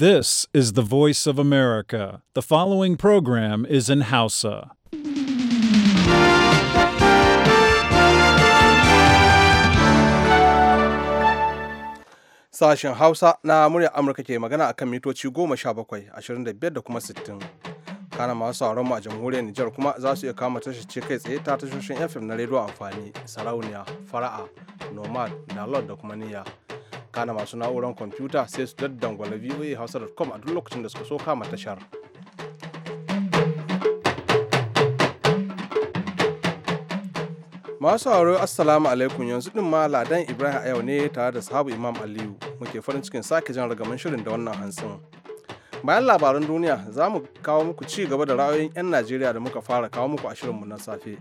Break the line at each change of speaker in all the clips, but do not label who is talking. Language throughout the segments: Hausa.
This is the voice of America. The following program is in Hausa.
Sashen Hausa na muryar Amurka ke magana akan mitoci goma sha bakwai, ashirin da biyar da kuma sittin. Kana masu sauran mu a jamhuriyar Nijar kuma za su iya kama tashar ce kai tsaye ta tashoshin FM na rediyo amfani, sarauniya, fara'a, nomad, download da kuma niyya. kana masu na'urar kwamfuta sai su daddangwala voa hausa.com a duk lokacin da suka so kama tashar. Masu haro Assalamu alaikum yanzu din ma Ladan Ibrahim a yau ne tare da sahabu Imam Aliyu muke farin cikin sake jan ragaman shirin da wannan hantsin. Bayan labaran duniya za mu kawo muku ci gaba da ra'ayoyin 'yan Najeriya da muka fara kawo muku a shirinmu na safe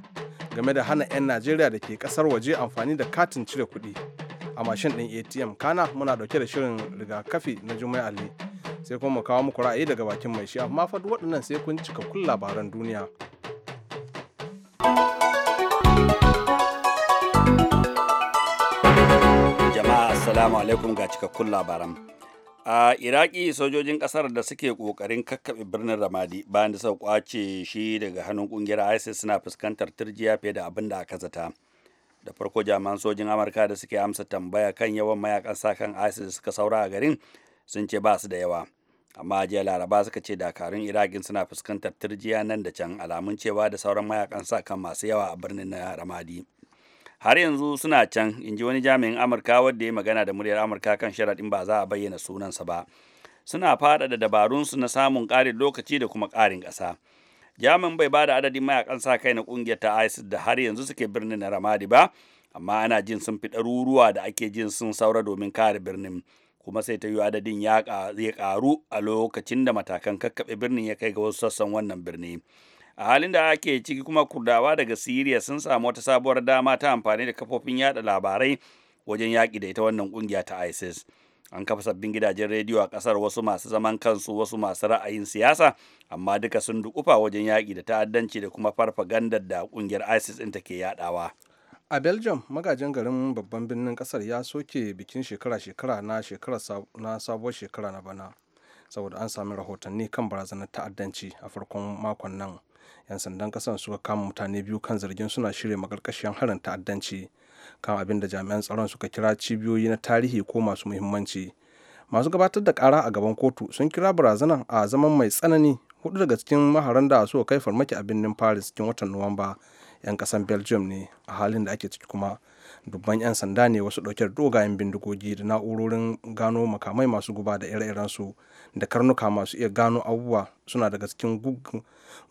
game da hana 'yan Najeriya da ke kasar waje amfani da katin cire kuɗi. a mashin ɗin atm kana muna dauke da shirin rigakafi na juma'a ne sai kuma mu kawo muku ra'ayi daga bakin mai shi amma fa duk waɗannan sai kun cika kun labaran duniya
jama'a assalamu alaikum ga cikakkun labaran a iraki sojojin kasar da suke kokarin kakkaɓe birnin ramadi bayan da suka kwace shi daga hannun kungiyar isis suna fuskantar turjiya fiye da abin da aka zata da farko jami'an sojin amurka da suke amsa tambaya kan yawan mayakan sakan isis da suka saura a garin sun ce ba su da yawa amma jiya laraba suka ce dakarun irakin suna fuskantar turjiya nan da can alamun cewa da sauran mayakan sakan masu yawa a birnin na ramadi har yanzu suna can in ji wani jami'in amurka wadda ya magana da muryar amurka kan sharaɗin ba za a bayyana sunansa ba suna faɗaɗa dabarunsu na samun ƙarin lokaci da kuma ƙarin ƙasa yamin bai bada adadin mayakan sa kai na kungiyar ta isis da har yanzu suke birnin na ramadi ba amma ana jin sun fi ɗaruruwa da ake jin sun saura domin kare birnin kuma sai ta yi adadin ya ƙaru a lokacin da matakan kakkaɓe birnin ya kai ga wasu sassan wannan birni a halin da ake ciki kuma kurdawa daga siriya sun samu wata sabuwar dama ta amfani da kafofin yada labarai wajen yaƙi da ita wannan ƙungiya ta isis an kafa sabbin gidajen rediyo a kasar wasu masu zaman kansu wasu masu ra'ayin siyasa amma duka sun dukufa wajen yaƙi da ta'addanci da kuma farfagandar da kungiyar isis ɗin take yaɗawa
a belgium magajin garin babban birnin kasar ya soke bikin shekara-shekara na shekara na sabuwar shekara na bana saboda an sami rahotanni kan barazanar ta'addanci a farkon makon nan 'yan sandan kasar suka kama mutane biyu kan zargin suna shirya makarkashiyar harin ta'addanci kan abin da jami'an tsaron suka kira cibiyoyi na tarihi ko masu muhimmanci masu gabatar da kara a gaban kotu sun kira barazanar a zaman mai tsanani hudu daga cikin maharan da suka kai farmaki a birnin paris cikin watan nuwamba 'yan kasan belgium ne a halin da ake ciki kuma dubban 'yan sanda ne wasu ɗauke dogayen bindigogi da na'urorin gano makamai masu guba da ire-iren su da karnuka masu iya gano abubuwa suna daga cikin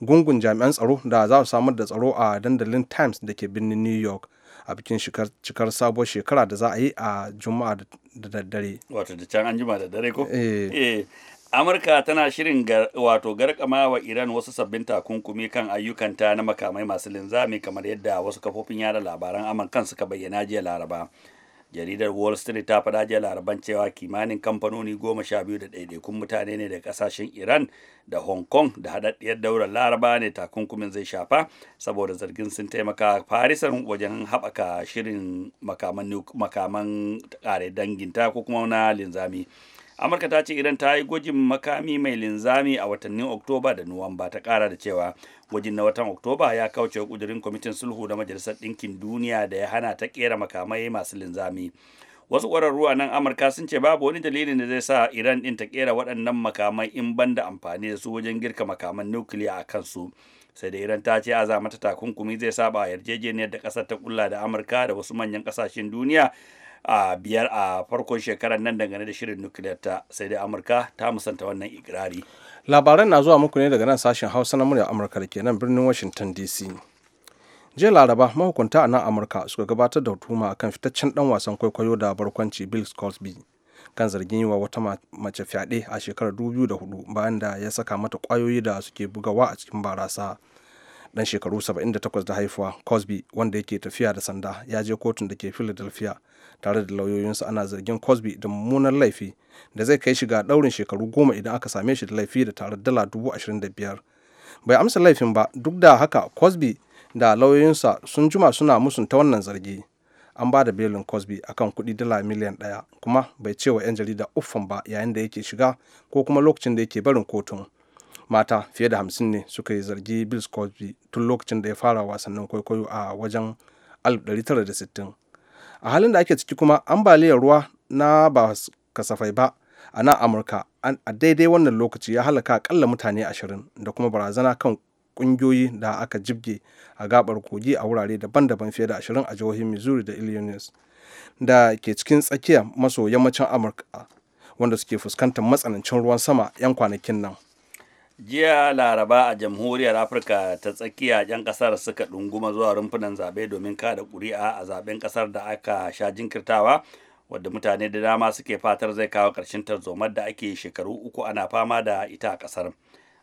gungun jami'an tsaro da za su samar da tsaro a dandalin times da ke birnin new york a bikin cikar sabuwar shekara da za a yi a juma'a da daddare
wato da can an jima da daddare ko eh. Eh. amurka tana shirin wato garkama wa iran wasu sabbin takunkumi kan ayyukanta na makamai masu linzami kamar yadda wasu kafofin yada labaran amurkan suka bayyana jiya laraba jaridar wall street ta faɗa jiya laraban cewa kimanin kamfanoni goma sha biyu da ɗaiɗaikun mutane ne da ƙasashen iran da hong kong da haɗaɗɗiyar daular laraba ne takunkumin zai shafa saboda zargin sun taimaka farisan wajen haɓaka shirin makaman ƙare danginta ko kuma na linzami amurka ta ce iran ta yi gwajin makami mai linzami a watannin oktoba da nuwamba ta kara da cewa gwajin na watan oktoba ya kauce kudurin kwamitin sulhu da majalisar ɗinkin duniya da ya hana ta kera makamai masu linzami wasu ƙwararru a nan amurka sun ce babu wani dalilin da zai sa iran ɗin ta kera waɗannan makamai in ban da amfani da su wajen girka makaman nukiliya a kansu sai da iran ta ce azamata mata takunkumi zai saba yarjejeniyar da ƙasar ta kulla da amurka da wasu manyan ƙasashen duniya a biyar a farkon shekarar nan dangane da shirin nukiliyar ta sai dai amurka ta musanta wannan ikirari
labaran na zuwa muku ne daga nan sashen hausa na murya amurka da ke nan birnin washington dc jiya laraba mahukunta a nan amurka suka gabatar da a kan fitaccen dan wasan kwaikwayo da barkwanci bill cosby kan zargin yi wa wata mace fyaɗe a shekarar 2004 bayan da ya saka mata kwayoyi da suke bugawa a cikin barasa dan shekaru 78 da haifuwa cosby wanda yake tafiya da sanda ya je kotun da ke philadelphia tare da lauyoyinsa ana zargin cosby da mummunan laifi da zai kai shi ga daurin shekaru goma idan aka same shi da laifi da tare dala dubu ashirin da biyar bai amsa laifin ba duk da haka cosby da lauyoyinsa sun juma suna ta wannan zargi an ba da belin cosby akan kuɗi dala miliyan ɗaya kuma bai ce wa 'yan jarida uffan ba yayin da yake shiga ko kuma lokacin da yake barin kotun mata fiye da hamsin ne suka yi zargi bill cosby tun lokacin da ya fara wasannin kwaikwayo a wajen 1960 a halin da ake ciki kuma ambaliyar ruwa na ba kasafai ba a nan amurka a daidai wannan lokaci ya halaka akalla mutane ashirin da kuma barazana kan kungiyoyi da aka jibge a gabar kogi a wurare daban-daban fiye da ashirin a jihohin missouri da illinois da ke cikin tsakiya maso yammacin amurka wanda suke fuskantar matsanancin ruwan sama 'yan kwanakin nan
jiya laraba a jamhuriyar afirka ta tsakiya yan kasar suka ɗunguma zuwa rumfunan zaɓe domin kada ƙuri'a a zaɓen ƙasar da aka sha jinkirtawa wadda mutane da dama suke fatar zai kawo ƙarshen tarzomar da ake shekaru uku ana fama da ita a ƙasar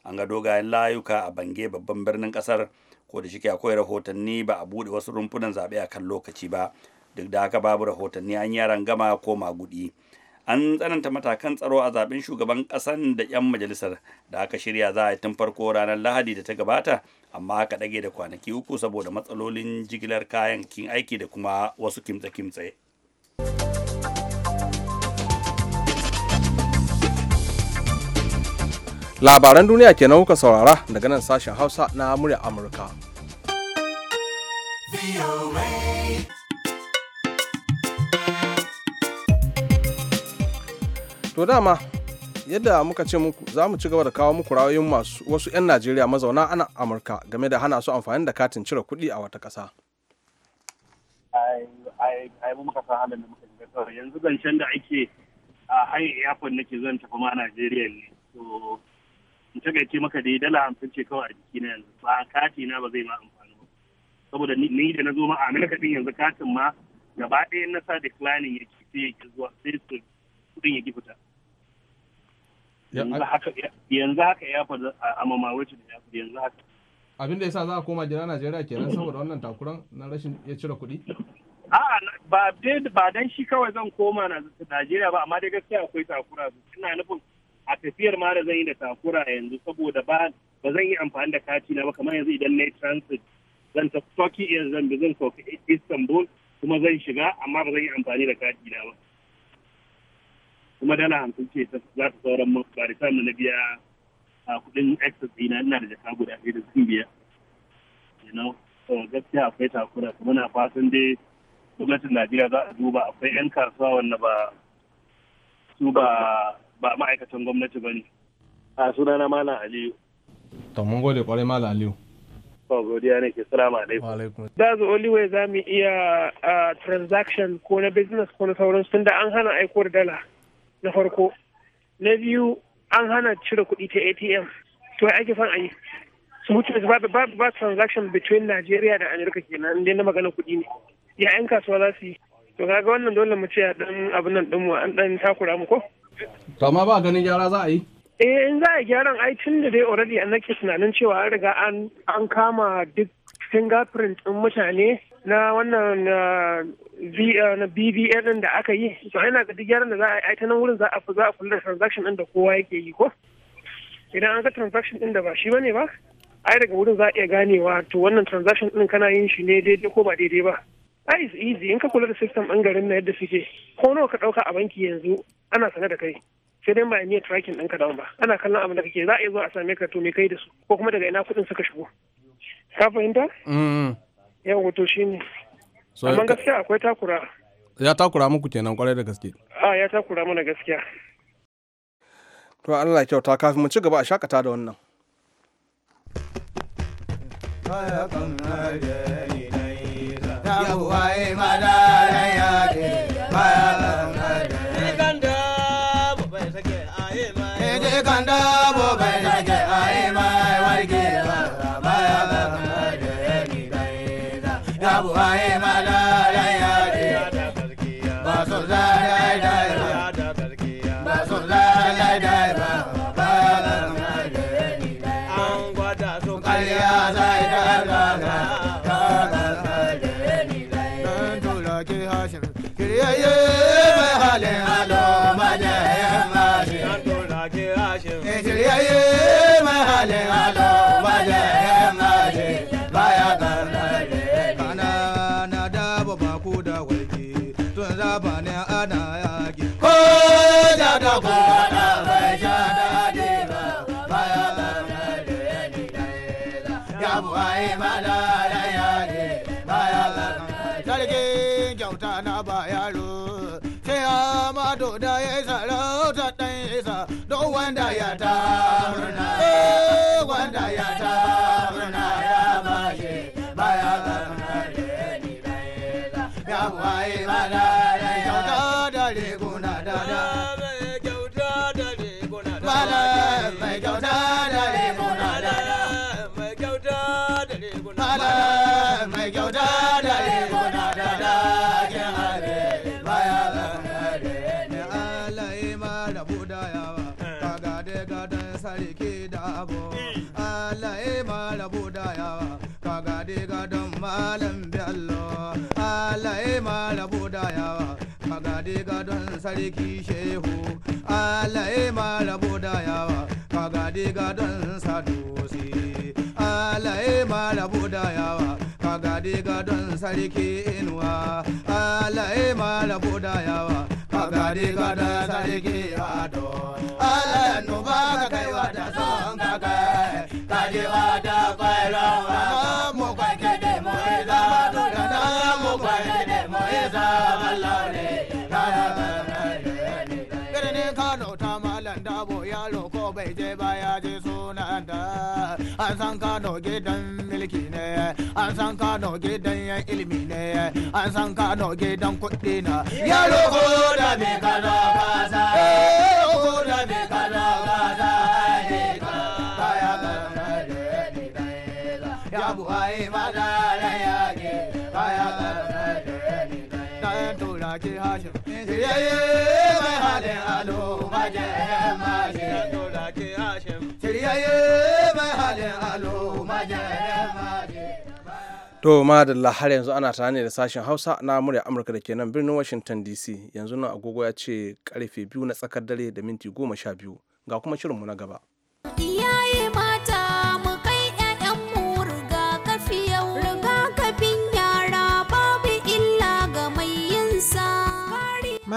an ga dogayen layuka a bange babban birnin ƙasar ko da shike akwai rahotanni ba a buɗe wasu rumfunan zaɓe a kan lokaci ba duk da haka babu rahotanni an yi gama ko magudi. an tsananta matakan tsaro a zaben shugaban kasan da 'yan majalisar da aka shirya za a yi tun farko ranar lahadi da ta gabata amma aka ɗage da kwanaki uku saboda matsalolin jigilar kayan kin aiki da kuma wasu kimtse-kimtse.
labaran duniya kenan kuka saurara daga nan sashen hausa na murya amurka. To dama yadda muka ce muku za mu ci gaba da kawo muku ra'ayoyin masu wasu 'yan Najeriya mazauna ana Amurka game da hana su amfani da katin cire kuɗi a wata ƙasa.
Ai, muka san halin da muka shiga kawai yanzu zancen da ake a hanyar airport nake zan tafi ma Najeriya ne. To, in ta takaice maka dai dala hamsin ce kawai a jiki na yanzu ba kati na ba zai ma amfani ba. Saboda ni da na zo ma a Amurka ɗin yanzu katin ma gaba ɗaya na sa declining yake sai ya zuwa sai kuɗin ya ki fita. yanzu haka ya faru a mamawarci da ya faru yanzu haka
abin da yasa za a koma jira Najeriya kenan saboda wannan takuran na rashin ya cire kuɗi
a'a ba ba dan shi kawai zan koma na Najeriya ba amma dai gaskiya akwai takura ina nufin a tafiyar ma da zan yi da takura yanzu saboda ba ba zan yi amfani da kati na ba kamar yanzu idan na yi transit zan tafi Turkey zan bi zan tafi Istanbul kuma zan shiga amma ba zan yi amfani da kati na ba kuma dala hamsin ce za ta sauran mu ba da na biya a kudin access ina ina da jaka guda ɗaya da sun biya you know so gaskiya akwai takura kuma na fatan dai gwamnatin Najeriya za a duba akwai 'yan kasuwa wanda ba su ba ba ma'aikatan gwamnati ba ne a sunana mala aliyu
to mun gode kwarai mala aliyu
ba godiya ke salamu alaikum that's the only way za mu iya transaction ko na
business ko na sauransu tunda an hana aiko da dala na farko na biyu an hana cire kuɗi ta atm to ake son a yi su mutu ba ba ba transaction between Najeriya da Amerika kenan inda na magana kuɗi ne ya yan kasuwa za su yi to kaga wannan dole mu ce dan abin nan din mu an dan takura mu ko
to amma ba ganin gyara za a yi
eh in za a gyaran ai tun da dai already an nake tunanin cewa an riga an an kama duk fingerprint din mutane na wannan ah, ah, na BVN din da aka yi to ina ga duk yaran da za a yi ta nan wurin za a za a kula da transaction din da kowa yake yi ko idan an ga transaction din da ba shi bane ba ai daga wurin za a iya ganewa to wannan transaction din kana yin shi ne daidai ko ba daidai ba ai is easy in ka kula da system ɗin garin na yadda suke ko nawa ka ɗauka a banki yanzu ana sane da kai sai dai ba ne tracking ka dawo ba ana kallon abin da kake za a iya zuwa a same ka to me kai da su ko kuma daga ina kuɗin suka shigo ka fahimta
mm-hmm.
yan to shi ne amma gaskiya akwai takura
ya takura muku kenan kwarai da gaske
a ah, ya takura mana gaskiya
to Allah kyauta kafin mu ci gaba a shakata da wannan
ya waye madara Malaya Chicago. malam Allah alaye marabu da yawa kaga diga don sarki shehu alaye marabu da yawa kaga diga don sadusi alaye marabu buda yawa kaga diga don sarki inuwa alaye marabu da yawa kaga diga gadon sarki ado Allah nuba gidan mulki ne an san kano gidan ilimi ne an san kano gidan kuɗi na yaro ko da me kana kasa ko da me kana kasa kaya kana ya buhai mana da yake kaya kana
da tura ki hashim yaye mai halin alo
maje
To madalla har yanzu ana tare ne da sashen Hausa na murya Amurka da ke nan birnin Washington DC yanzu nan agogo ya ce karfe biyu na tsakar dare da minti goma sha biyu ga kuma shirinmu na gaba.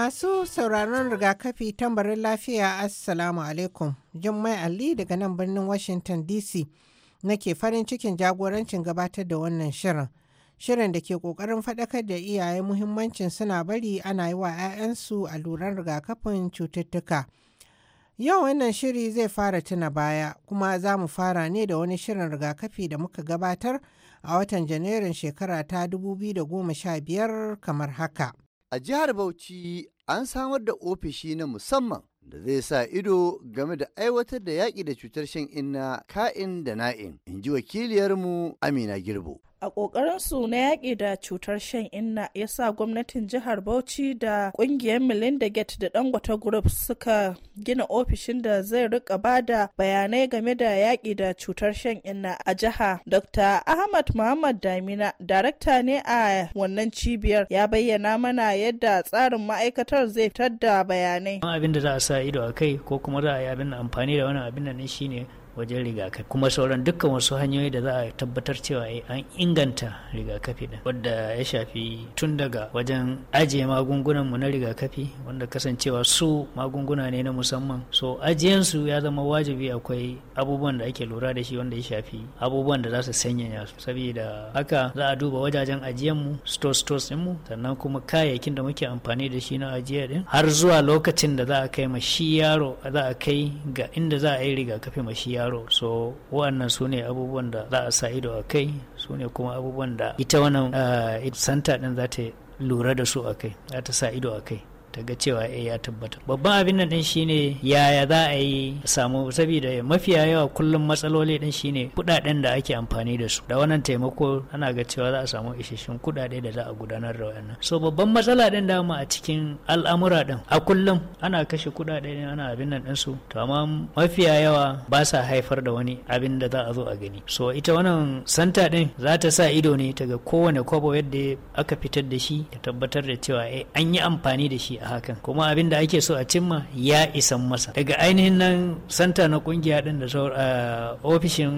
Masu sauraron rigakafi tambarin lafiya Assalamu alaikum. Jummai Ali daga nan birnin Washington DC nake farin cikin jagorancin gabatar da wannan shirin. Shirin da ke ƙoƙarin faɗakar da iyaye muhimmancin suna bari ana yi wa 'ya'yansu a alluran rigakafin cututtuka. Yau wannan shiri zai fara tuna baya kuma za mu fara ne da wani shirin rigakafi da muka gabatar a watan Janairun shekara ta 2015 kamar haka.
A jihar Bauchi an samar da ofishi na musamman da zai sa ido game da aiwatar da yaƙi da cutar shan inna ka'in da na'in in ji wakiliyarmu amina girbo
a su na yaƙi da cutar shan inna ya sa gwamnatin jihar bauchi da ƙungiyar melinda gate da dangote group suka gina ofishin da zai rika ba da bayanai game da yaƙi da cutar shan inna a jiha dr ahmad muhammad damina darakta ne a wannan cibiyar ya bayyana mana yadda tsarin ma'aikatar zai fitar da bayanai
abin da za a sa ido a kai ko kuma za a yi abin amfani da wani abin nan shine wajen rigakafi kuma sauran dukkan wasu hanyoyi da za a tabbatar cewa eh, an inganta rigakafi da wadda ya shafi tun daga wajen ajiye magungunan mu na rigakafi wanda kasancewa su magunguna ne na musamman so ajiyansu ya zama wajibi akwai abubuwan da ake lura da shi wanda ya shafi abubuwan da za su sanyaya su saboda haka za a duba wajajen ajiyan mu stores stores din mu sannan kuma kayayyakin da muke amfani da shi na ajiya din har zuwa lokacin da za a kai ma shi yaro za a kai ga inda za a yi rigakafi ma shi yaro so wannan su ne abubuwan da za a sa ido a kai su ne kuma abubuwan da ita wannan santa ah, ɗin za ta lura da su a kai za ta sa ido a kai ta ga cewa eh ya tabbata babban abin nan din shine yaya za a yi samu saboda mafiya yawa kullum matsaloli din shine kudaden da ake amfani da su da wannan taimako ana ga cewa za a samu isasshen kudade da za a gudanar da wannan so babban matsala din da mu a cikin al'amura din a kullum ana kashe kudade ne ana abin nan din su to amma mafiya yawa ba sa haifar da wani abin da za a zo a gani so ita wannan santa din za ta sa ido ne ta ga kowane kwabo yadda aka fitar da shi ta tabbatar da cewa eh, an yi amfani da shi a hakan kuma abin da ake so a cimma ya isan masa daga ainihin nan santa na kungiya din da ofishin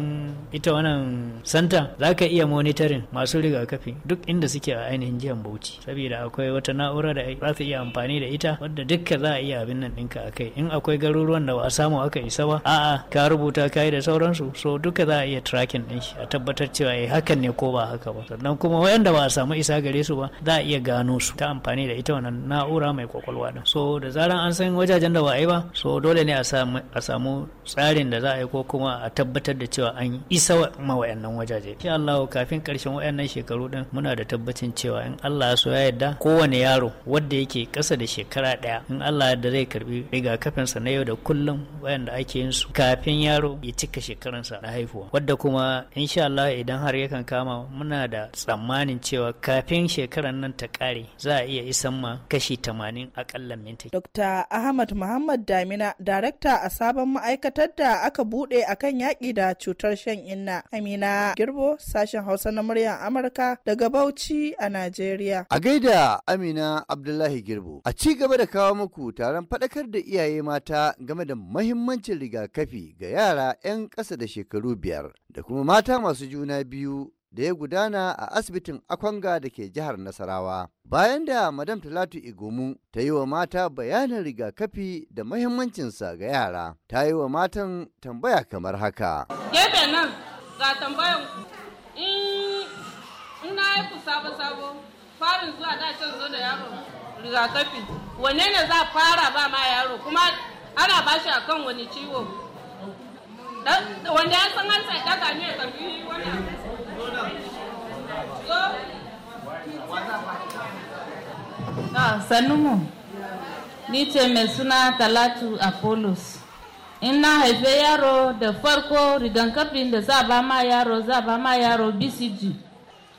ita wannan santa za ka iya monitorin masu rigakafi duk inda suke a ainihin jihar bauchi saboda akwai wata na'ura da za su iya amfani da ita wadda dukka za a iya abin nan ɗinka a kai in akwai garuruwan da ba a samu aka isa ba a'a ka rubuta kayi da sauransu so duka za a iya tracking din shi a tabbatar cewa eh hakan ne ko ba haka ba sannan kuma wayanda ba a samu isa gare su ba za a iya gano su ta amfani da ita wannan na'ura mai kwakwalwa din so da zaran an san wajajen da ba a yi ba so dole ne a samu tsarin da za a yi ko kuma a tabbatar da cewa an isa ma wayannan wajaje ki Allah kafin karshen wayannan shekaru din muna da tabbacin cewa in Allah ya so ya yarda kowane yaro wanda yake kasa da shekara daya in Allah ya da zai karbi rigakafin sa na yau da kullum wayanda ake yin su kafin yaro ya cika sa, na haihuwa wadda kuma insha Allah idan har yakan kama muna da tsammanin cewa kafin shekaran nan ta kare za a iya isan ma kashi domin minti.
Dokta Ahmad Muhammad Damina, darakta a sabon ma'aikatar da aka buɗe akan yaƙi da cutar shan inna. Amina Girbo, sashen Hausa na muryar Amurka daga Bauchi a Najeriya.
A gaida Amina Abdullahi Girbo, a ci gaba da kawo muku taron faɗakar da iyaye mata game da mahimmancin rigakafi ga yara 'yan ƙasa da shekaru biyar da kuma mata masu juna biyu da ya gudana a asibitin Akwanga da ke jihar Nasarawa. Bayan da Madam Talatu Igumu ta yi wa mata bayanin rigakafi da mahimmancinsa ga yara, ta yi wa matan tambaya kamar haka.
Gefe nan ga tambayan in na yi ku sabo-sabo farin zuwa dacin zo da yaro rigakafi wanne ne za fara ba ma yaro kuma ana ba shi akan wani ciwo wanda ya san an sai daga ne karfi wani Ah, sannunmu ni ce mai suna talatu apollos in na haife yaro da farko rigakafin da za ba ma yaro za ba ma yaro bcg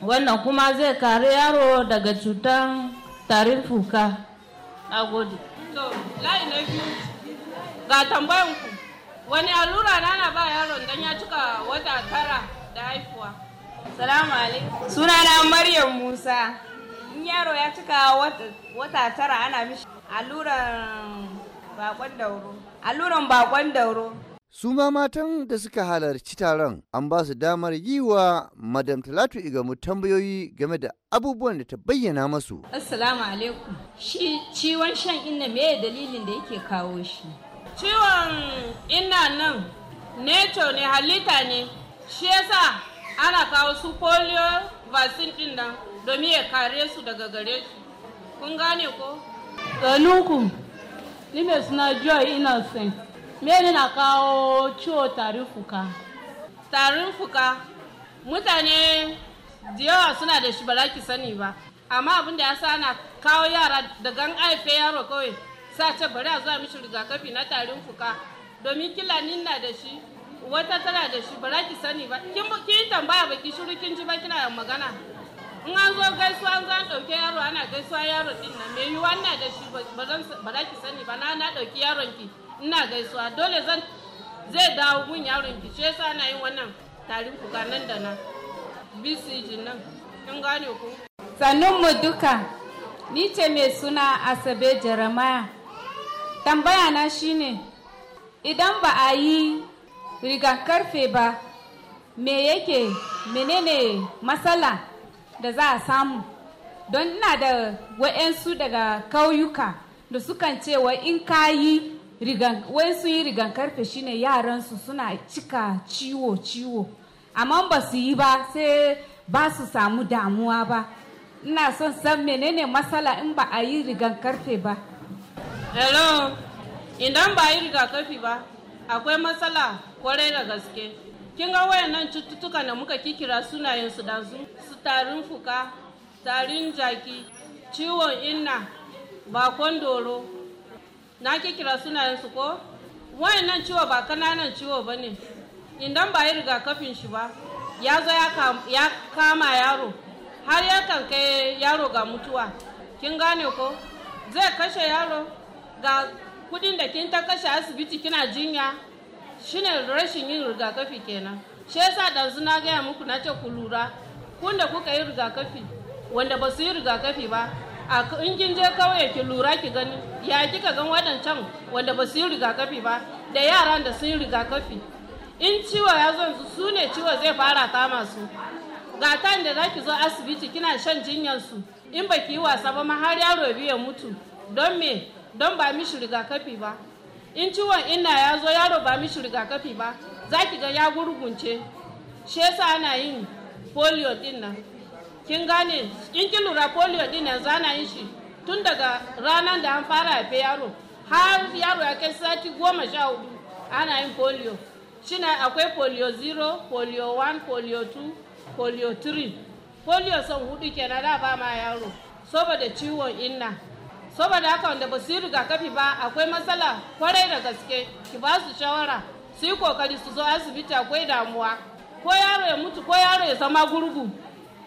wannan kuma zai kare yaro daga cutar tarin fuka a gode layi na biyu ga tambayanku wani allura na na ba yaron don ya cika wata tara da haifuwa Salamu alaikum. Sunana Maryam Musa. In yaro ya cika wata tara ana mishi alluran bakon dauro. Alluran bakon dauro.
Su ma matan da suka halarci taron an ba su damar yi wa Madam Talatu Igamu tambayoyi game da abubuwan da ta bayyana masu.
Assalamu alaikum. Shi ciwon shan inna me dalilin da yake kawo shi? Ciwon inna nan neto ne halitta ne. Shi yasa ana kawo su polio vaccine din nan domin ya kare su daga gare su kun gane ko ganinku ni mai suna joy innocent mene na kawo ciwo tarin fuka tarin fuka mutane da yawa suna da shi ba ki sani ba amma abin da ya sa ana kawo yara da gan aife yaro kawai sa ce bari a zuwa mishi rigakafi na tarin fuka domin ni na da shi wata tana da shi ba za ki sani ba kin ki tambaya ba ki shiru kin ji ba kina magana in an zo gaisuwa an zan dauke yaro ana gaisuwa yaro din nan me yiwuwa ina da shi ba za ki sani ba na na dauki yaron ki ina gaisuwa dole zan zai dawo mun yaron ki shi yasa na yin wannan tarin kuka nan da nan bcg nan kin gane ku sannun mu duka ni ce mai suna asabe jeremiah tambaya na shine idan ba a yi rigakarfe ba me yake menene matsala da za a samu don ina da wa'yansu daga kauyuka da sukan cewa in ka yi su yi karfe shine yaransu suna cika ciwo-ciwo amma ba su yi ba sai ba su samu damuwa ba ina son san menene matsala in ba a yi karfe ba hello idan ba yi karfe ba akwai matsala kwarai da gaske kin ga wayannan cututtuka da muka kikira sunayen su da su tarin fuka tarin jaki ciwon inna bakon doro na kikira sunayen su ko wayannan ciwo ba kananan ciwo ba ne idan ba yi rigakafin shi ba ya zo ya kama yaro har ya kai yaro ga mutuwa kin gane ko zai kashe yaro ga kudin da kin ta kashe asibiti kina jinya shine rashin yin rigakafi kenan shi yasa ɗanzu na gaya muku na ce ku lura kun kuka yi rigakafi wanda ba su yi rigakafi ba a in kin je kawai ki lura ki gani ya kika gan waɗancan wanda ba su yi rigakafi ba da yaran da sun yi rigakafi in ciwo ya zo su ne ciwo zai fara kama su ga tan da zaki zo asibiti kina shan jinyar su in baki yi wasa ba ma har yaro biyu ya mutu don me don ba mishi rigakafi ba in ciwon inna ya zo yaro ba mishi rigakafi ba za ki ga ya gurgunce shi yasa ana yin polio din nan kin gane in ki lura polio din nan zana yin shi tun daga ranar da an fara haife yaro har yaro ya kai sati goma sha hudu ana yin polio shina akwai polio zero polio one polio two polio three polio son hudu kenan da ba ma yaro saboda ciwon inna saboda haka wanda ba su yi rigakafi ba akwai matsala kwarai da gaske ki ba su shawara su yi kokari su zo asibiti akwai damuwa ko yaro ya mutu ko yaro ya zama gurgu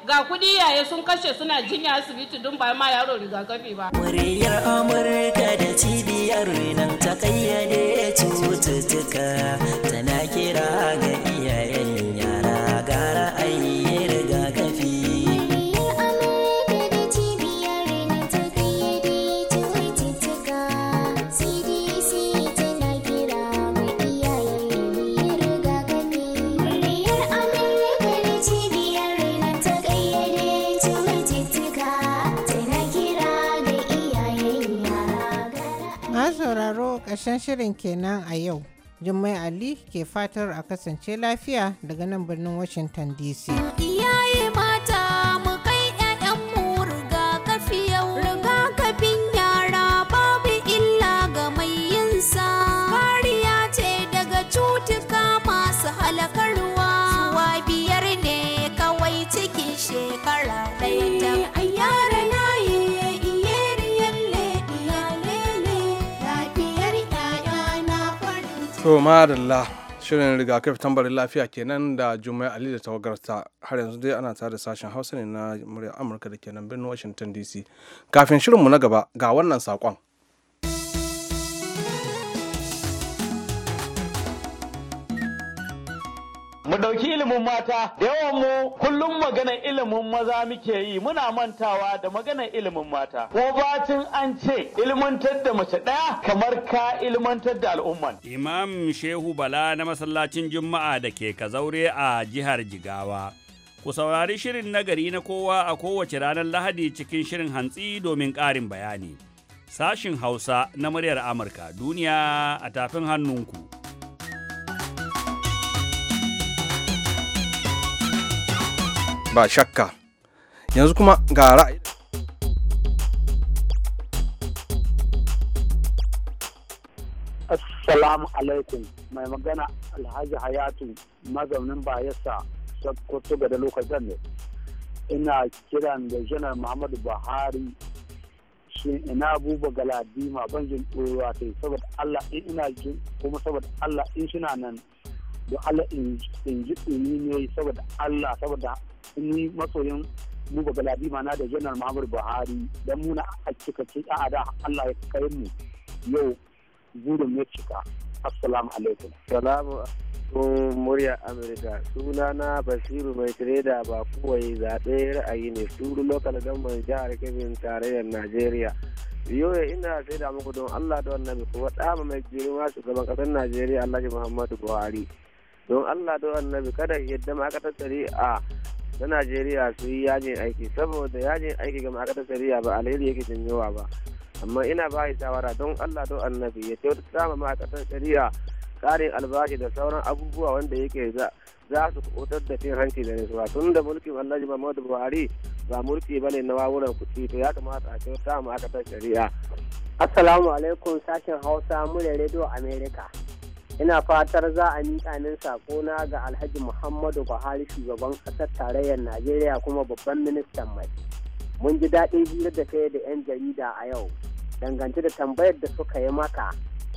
ga kudi yaye sun kashe suna jinya asibiti don ba ma yaro rigakafi ba. Muryar
Amurka da cibiyar nan ta kayyade cututtuka tana kira ga iyayen yara gara ra'ayi
Ƙarshen shirin kenan a yau. Jummai Ali ke fatar a kasance lafiya daga nan birnin Washington DC.
mata
To madalla shirin rigakafi tambarin lafiya kenan da Jummai Ali da tawagarta har yanzu dai ana tare da sashen Hausa ne na muryar Amurka da kenan birnin Washington DC. Kafin shirinmu na gaba ga wannan saƙon.
mu ɗauki ilimin mata da yawan mu kullum magana ilimin maza muke yi muna mantawa da magana ilimin mata ko batun an ce ilmantar da mace ɗaya kamar ka ilmantar da al'umman
imam shehu bala na masallacin juma'a da ke kazaure a jihar jigawa ku saurari shirin nagari na kowa a kowace ranar lahadi cikin shirin hantsi domin ƙarin bayani sashin hausa na muryar amurka duniya a tafin hannunku.
ba shakka yanzu kuma ga ra'ayi
Assalamu alaikum mai magana Alhaji Hayatu mazaunin Bayelsa Sokoto ga da lokacin ne. Ina kiran da Janar Muhammadu Buhari shi ina buba galadima ban jin ɗorewa ta saboda Allah in ina jin kuma saboda Allah in shi nan da Allah in ji ɗumi ne saboda Allah saboda ni masoyin buga galabi mana da janar muhammad buhari don muna a ce a da allah ya kai mu yau gudun ya cika assalamu alaikum salamu
ko murya amurka suna na basiru mai tireda ba kowai zaɓe ra'ayi ne suru lokal gamban jihar kebin tarayyar najeriya yoyo ina sai da muku don allah da wannan kuma ɗama mai girma shugaban ƙasar najeriya alhaji muhammadu buhari don allah da annabi kada yadda ma aka tattari a na najeriya su yi yajin aiki saboda yajin aiki ga ma'aikatar shari'a ba alheri yake janyowa ba amma ina ba shawara don allah don annabi ya wata sama ma'aikatar shari'a karin albashi da sauran abubuwa wanda yake za su kubutar da fin hanci da nisuwa tun da mulkin alhaji muhammadu
buhari ba mulki ba ne na wawuran kuɗi to ya kamata a kyauta ta aka shari'a assalamu alaikum sashen hausa mu da america ina fatar za a miƙa min na ga alhaji muhammadu buhari shugaban ƙasar tarayyar najeriya kuma babban ministan mai mun ji daɗin hira da kai da 'yan jarida a yau dangance da tambayar da suka yi maka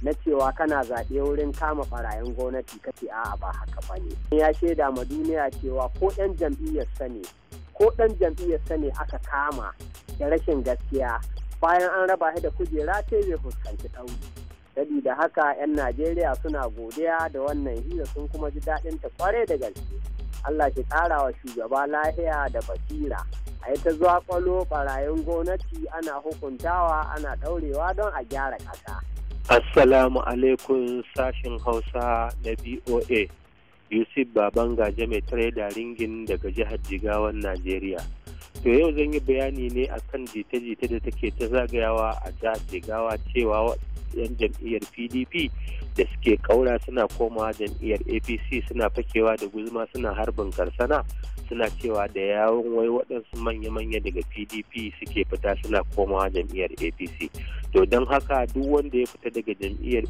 na cewa kana zaɓe wurin kama ɓarayin gwamnati kace a'a ba haka ba ne ya shaida ma duniya cewa ko ɗan jam'iyyar sani ko ɗan jam'iyyar sani aka kama da rashin gaskiya bayan an raba shi da kujera sai zai fuskanci ɗauri sabida haka 'yan najeriya suna godiya da wannan hira sun kuma ji daɗin ta kware da gaske allah ki ƙara wa shugaba lahiya da basira a yi ta zuwa kwalo ɓarayin gwamnati ana hukuntawa ana ɗaurewa don a gyara ƙasa assalamu alaikum sashin hausa na boa yusuf baban gaje mai tare da ringin daga jihar jigawan najeriya to yau zan yi bayani ne a kan jita-jita da take ta zagayawa a jihar jigawa cewa yan jam'iyyar pdp da suke kaura suna komawa jam'iyyar apc suna fakewa da guzma suna harbin karsana suna cewa da yawon wai waɗansu manya-manya daga pdp suke fita suna komawa jam'iyyar apc to don haka duk wanda ya fita daga jam'iyyar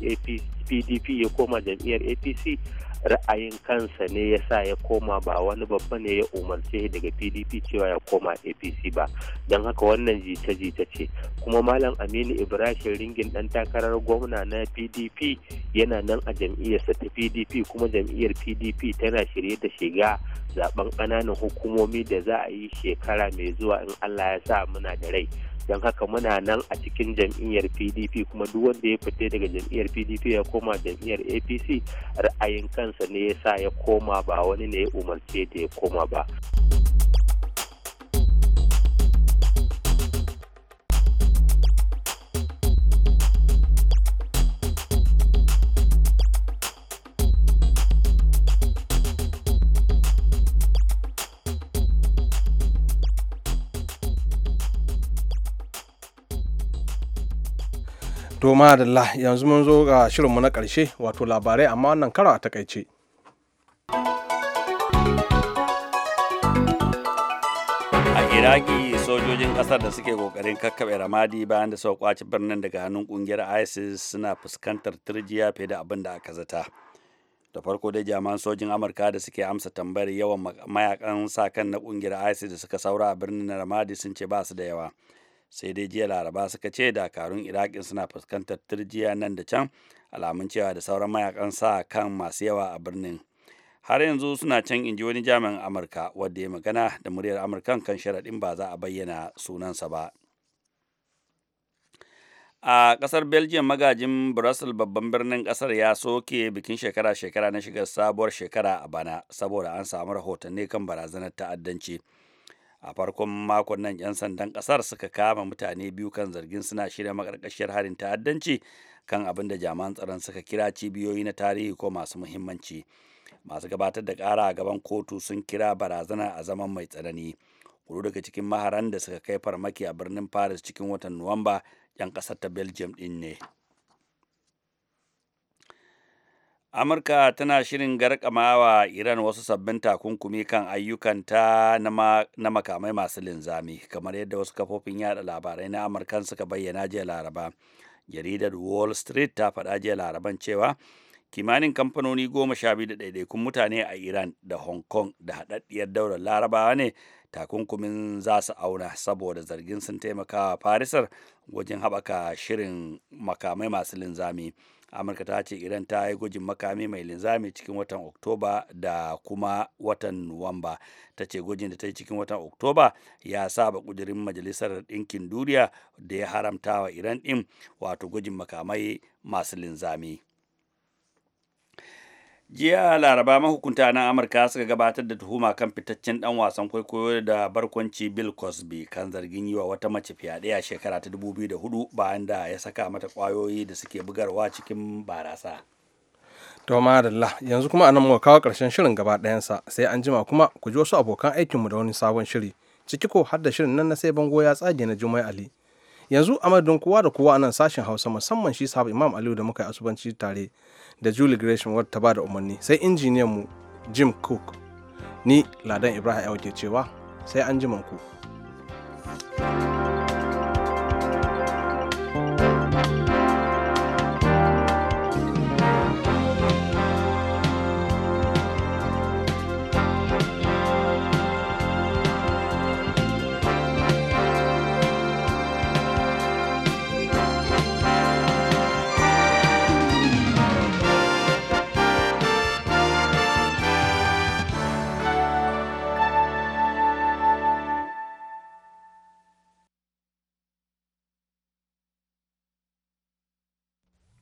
pdp ya koma jam'iyyar apc ra'ayin kansa ne ya sa ya koma ba wani babba ne ya umarce daga pdp cewa ya koma apc ba don haka wannan jita-jita ce kuma malam aminu ibrahim ringin dan takarar gwamna na pdp yana nan a jam'iyyarsa ta pdp kuma jam'iyyar pdp tana shirye da shiga zaben ƙananan hukumomi da za a yi shekara mai zuwa in allah ya sa muna da rai don haka muna nan a cikin jam'iyyar pdp kuma duk wanda ya fita daga jam'iyyar pdp ya koma jam'iyyar apc ra'ayin kansa ne ya sa ya koma ba wani ne ya umarce da ya koma ba.
da madalla yanzu mun zo ga shirinmu na ƙarshe wato labarai amma wannan kara a takaice.
A Iraki sojojin ƙasar da suke ƙoƙarin kakkaɓe ramadi bayan da suka kwace birnin daga hannun ƙungiyar ISIS suna fuskantar turjiya fiye da abin da aka zata. Da farko dai jaman sojin Amurka da suke amsa tambayar yawan mayakan sa kan na ƙungiyar ISIS da suka saura a birnin Ramadi sun ce ba su da yawa. sai dai jiya laraba suka ce dakarun irakin suna fuskantar turjiya nan da can alamun cewa da sauran mayakan sa kan masu yawa a birnin har yanzu suna can inji wani jami'in amurka wadda ya magana da muryar amurkan kan sharaɗin ba za a bayyana sunansa ba a kasar belgium magajin brussels babban birnin kasar ya soke bikin shekara-shekara na shigar sabuwar shekara a bana saboda an samu rahotanni kan barazanar ta'addanci. a farkon makon nan 'yan sandan kasar suka kama mutane biyu kan zargin suna shirya makarkashiyar harin ta'addanci kan abin da jami'an tsaron suka kira cibiyoyi na tarihi ko masu muhimmanci masu gabatar da kara a gaban kotu sun kira barazana a zaman mai tsanani kudu daga cikin maharan da suka kai farmaki a birnin paris cikin watan nuwamba 'yan kasar ta belgium din ne amurka tana shirin garkamawa iran wasu sabbin takunkumi kan ayyukanta na makamai masu linzami kamar yadda wasu kafofin yada labarai na amurkan suka bayyana jiya laraba jaridar wall street ta faɗa jiya laraban cewa kimanin kamfanoni goma sha biyu da ɗaiɗaikun mutane a iran da hong kong da haɗaɗɗiyar daular larabawa ne takunkumin za su auna saboda zargin sun taimaka farisar wajen haɓaka shirin makamai masu linzami. amurka ta ce iran ta yi gwajin makami mai linzami cikin watan oktoba da kuma watan nuwamba ta ce gwajin da ta yi cikin watan oktoba ya saba kudirin majalisar ɗinkin duniya da ya haramta wa iran ɗin wato gwajin makamai masu linzami jiya laraba mahukunta na amurka suka gabatar da tuhuma kan fitaccen dan wasan kwaikwayo da barkwanci bill cosby kan zargin yi wa wata mace fyaɗe a shekara ta 2004 bayan da ya saka mata kwayoyi da suke bugarwa cikin barasa
to madalla yanzu kuma anan muka kawo karshen shirin gaba ɗayansa sai an jima kuma ku ji wasu abokan aikinmu da wani sabon shiri ciki ko har da shirin nan na sai bango ya tsage na jumai ali yanzu a madadin kowa da kowa anan nan sashen hausa musamman shi sabon imam aliyu da muka yi asubanci tare da Julie Gresham wadda ta ba da umarni sai injiniyan mu Jim Cook ni Ladan Ibrahim Ayo ke cewa sai an ku. thank you